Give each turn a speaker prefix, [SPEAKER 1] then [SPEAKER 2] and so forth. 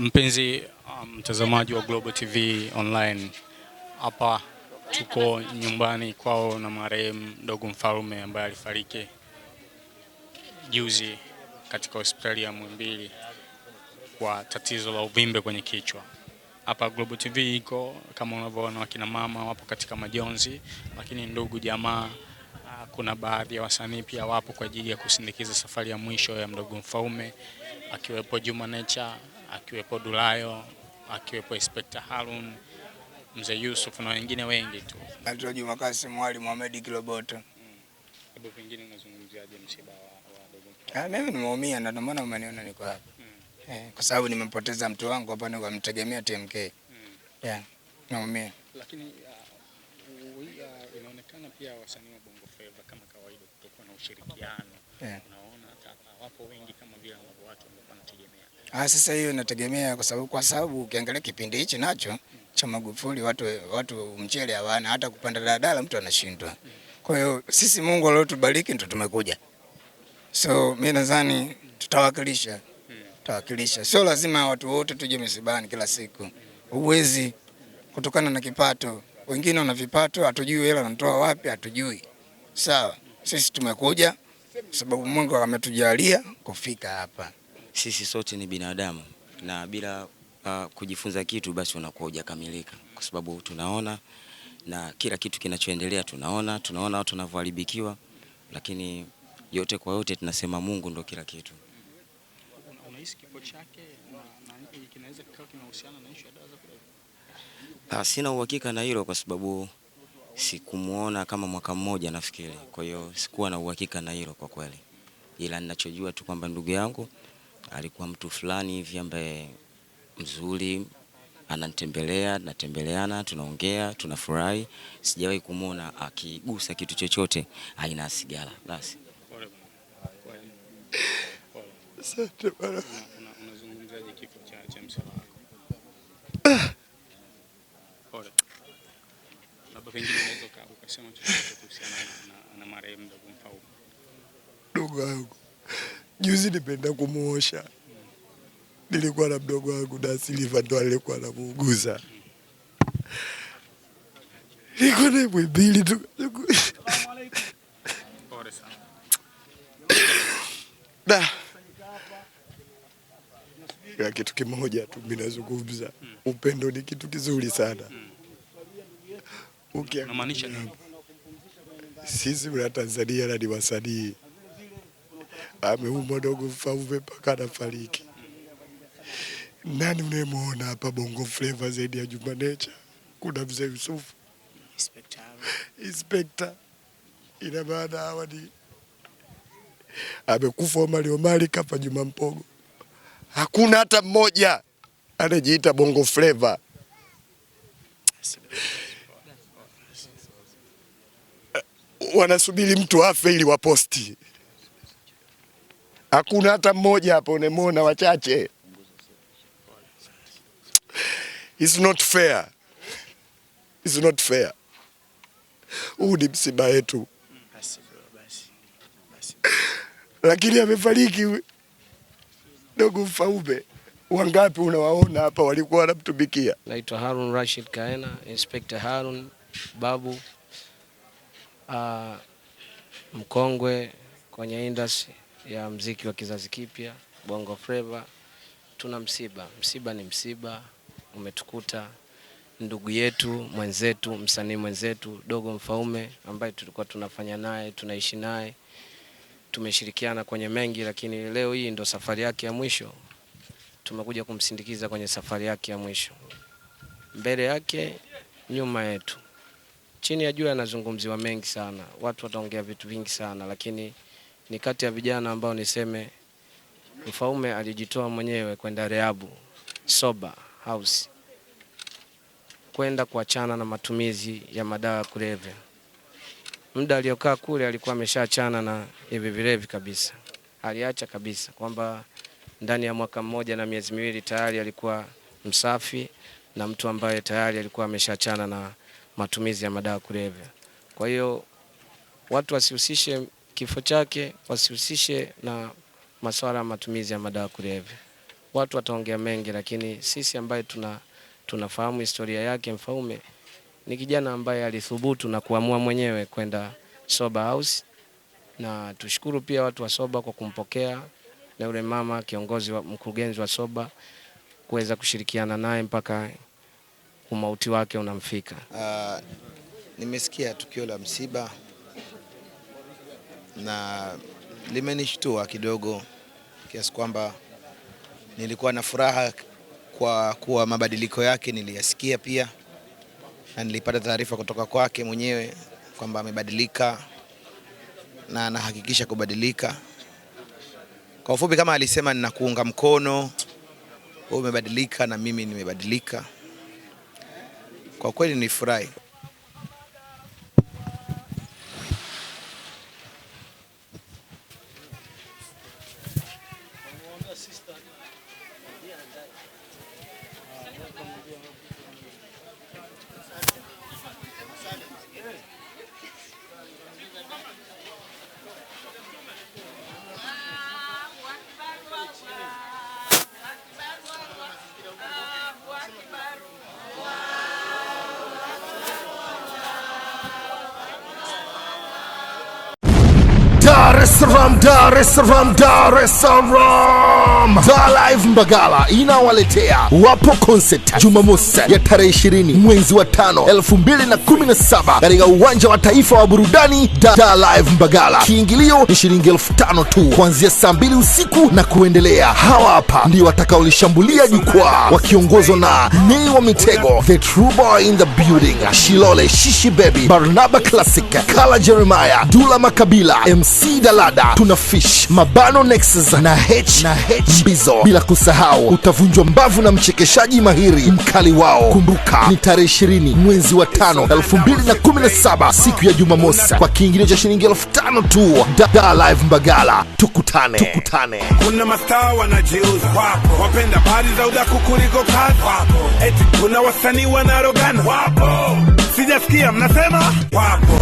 [SPEAKER 1] Mpenzi um, mtazamaji um, wa Global TV Online, hapa tuko nyumbani kwao na marehemu Dogo Mfalme ambaye alifariki juzi katika hospitali ya Muhimbili kwa tatizo la uvimbe kwenye kichwa. Hapa Global TV iko kama unavyoona, wakina mama wapo katika majonzi, lakini ndugu jamaa, uh, kuna baadhi ya wasanii pia wapo kwa ajili ya kusindikiza safari ya mwisho ya Mdogo Mfaume, akiwepo Juma Nature akiwepo Dulayo, akiwepo Inspector Harun, mzee Yusuf na wengine wengi tu.
[SPEAKER 2] Naitwa Juma Kasim Ali Mohamed Kiloboto.
[SPEAKER 3] Hebu pengine unazungumziaje msiba wa wadogo?
[SPEAKER 2] Ah, mimi nimeumia na ndio maana umeniona niko hapa. Hmm. Eh, kwa sababu nimepoteza mtu wangu hapa, nilikuwa mtegemea TMK. Hmm. Yeah. Naumia.
[SPEAKER 3] Lakini Inaonekana pia wasanii wa Bongo Flava kama kawaida kutokuwa na ushirikiano. Yeah. Unaona hapa wapo wengi kama vile ambao watu walikuwa wanategemea.
[SPEAKER 2] Ah, sasa hiyo inategemea kwa sababu kwa sababu ukiangalia kipindi hichi nacho mm. cha Magufuli watu watu mchele hawana hata kupanda daladala mtu anashindwa. Mm. Kwa hiyo sisi Mungu aliyotubariki ndo tumekuja. So mimi nadhani tutawakilisha. Mm. Tutawakilisha. Sio lazima watu wote tuje misibani kila siku. Uwezi kutokana na kipato wengine wana vipato, hatujui hela anatoa wapi, hatujui. Sawa, sisi tumekuja sababu Mungu ametujalia kufika hapa.
[SPEAKER 4] Sisi sote ni binadamu na bila uh, kujifunza kitu basi unakuwa hujakamilika, kwa sababu tunaona na kila kitu kinachoendelea tunaona, tunaona watu wanavyoharibikiwa, lakini yote kwa yote tunasema Mungu ndo kila kitu.
[SPEAKER 3] Unahisi kifo chake kinaweza kikawa kinahusiana na issue ya dawa za kulevya?
[SPEAKER 4] Ah, sina uhakika na hilo kwa sababu sikumuona kama mwaka mmoja nafikiri, kwa hiyo sikuwa na uhakika na hilo kwa kweli, ila ninachojua tu kwamba ndugu yangu alikuwa mtu fulani hivi ambaye mzuri, ananitembelea, natembeleana tunaongea, tunafurahi. Sijawahi kumwona akigusa kitu chochote aina ya sigara. Basi
[SPEAKER 3] unazungumzaje kifo cha msanii? pengine
[SPEAKER 2] wangu juzi nipenda kumuosha, nilikuwa na mdogo wangu na Silva ndo alikuwa anamuuguza, niko na mwimbili tu kitu kimoja tu, mimi nazungumza hmm. upendo ni kitu kizuri sana. Hmm. Unamaanisha nini? Sisi wa Tanzania na ni wasanii, ameumwa ndogofa uve mpaka anafariki. Nani unayemwona hapa Bongo Flava zaidi ya Juma Nature? Kuna mzee Yusufu, Inspekta. Ina maana hawa ni amekufa Omari Omari, kafa Juma Mpogo. Hakuna hata mmoja anajiita Bongo Flava. wanasubiri mtu afe ili waposti. Hakuna hata mmoja hapo, unamwona wachache. It's not fair. It's not fair. Huu ni msiba wetu, lakini amefariki ndugu Faube. Wangapi unawaona hapa walikuwa wanamtumikia?
[SPEAKER 1] Naitwa Harun Rashid Kaena, Inspector Harun Babu uh, mkongwe kwenye industry ya mziki wa kizazi kipya Bongo Flava. Tuna msiba, msiba ni msiba, umetukuta ndugu yetu mwenzetu, msanii mwenzetu Dogo Mfaume ambaye tulikuwa tunafanya naye, tunaishi naye, tumeshirikiana kwenye mengi, lakini leo hii ndo safari yake ya mwisho. Tumekuja kumsindikiza kwenye safari yake ya mwisho, mbele yake, nyuma yetu chini ya jua yanazungumziwa mengi sana, watu wataongea vitu vingi sana, lakini ni kati ya vijana ambao niseme Mfaume alijitoa mwenyewe kwenda rehabu soba house kwenda kuachana na matumizi ya madawa ya kulevya. Muda aliyokaa kule alikuwa ameshaachana na hivi vilevi kabisa, aliacha kabisa, kwamba ndani ya mwaka mmoja na miezi miwili tayari alikuwa msafi na mtu ambaye tayari alikuwa ameshaachana na matumizi ya madawa kulevya. Kwa hiyo watu wasihusishe kifo chake, wasihusishe na masuala ya matumizi ya madawa kulevya. Watu wataongea mengi, lakini sisi ambaye tuna tunafahamu historia yake, Mfaume ni kijana ambaye alithubutu na kuamua mwenyewe kwenda sober house, na tushukuru pia watu wa soba kwa kumpokea na yule mama kiongozi wa mkurugenzi wa soba kuweza kushirikiana naye mpaka umauti wake unamfika.
[SPEAKER 4] Uh, nimesikia tukio la msiba na limenishtua kidogo kiasi kwamba nilikuwa na furaha kwa kuwa mabadiliko yake niliyasikia pia, na nilipata taarifa kutoka kwake mwenyewe kwamba amebadilika na anahakikisha kubadilika. Kwa ufupi, kama alisema, ninakuunga mkono, wewe umebadilika na mimi nimebadilika. Kwa kweli ni furahi.
[SPEAKER 5] es Salaam, Dar es Salaam, Dar es Salaam. Live Mbagala inawaletea wapo concert Jumamosi ya tarehe 20 mwezi wa 5 2017 katika uwanja wa taifa wa burudani da Live Mbagala. Kiingilio ni shilingi elfu tano tu kuanzia saa mbili usiku na kuendelea. Hawa hapa ndio watakaolishambulia jukwaa wakiongozwa na Nay wa Mitego, The True Boy in the Building, Shilole Shishi Baby, Barnaba Classic, Kala Jeremiah, Dula Makabila, MC kuvuka lada, tuna fish mabano nexus na h na h mbizo, bila kusahau utavunjwa mbavu na mchekeshaji mahiri mkali wao. Kumbuka ni tarehe 20 mwezi wa 5 2017, siku ya Jumamosi, kwa kiingilio cha shilingi elfu tano tu. da Live Mbagala, tukutane, tukutane. Kuna mastaa wanajiuza wapo, wapenda pari za udaku kuliko kazi wapo, eti kuna wasanii wanarogana wapo, sijasikia mnasema wapo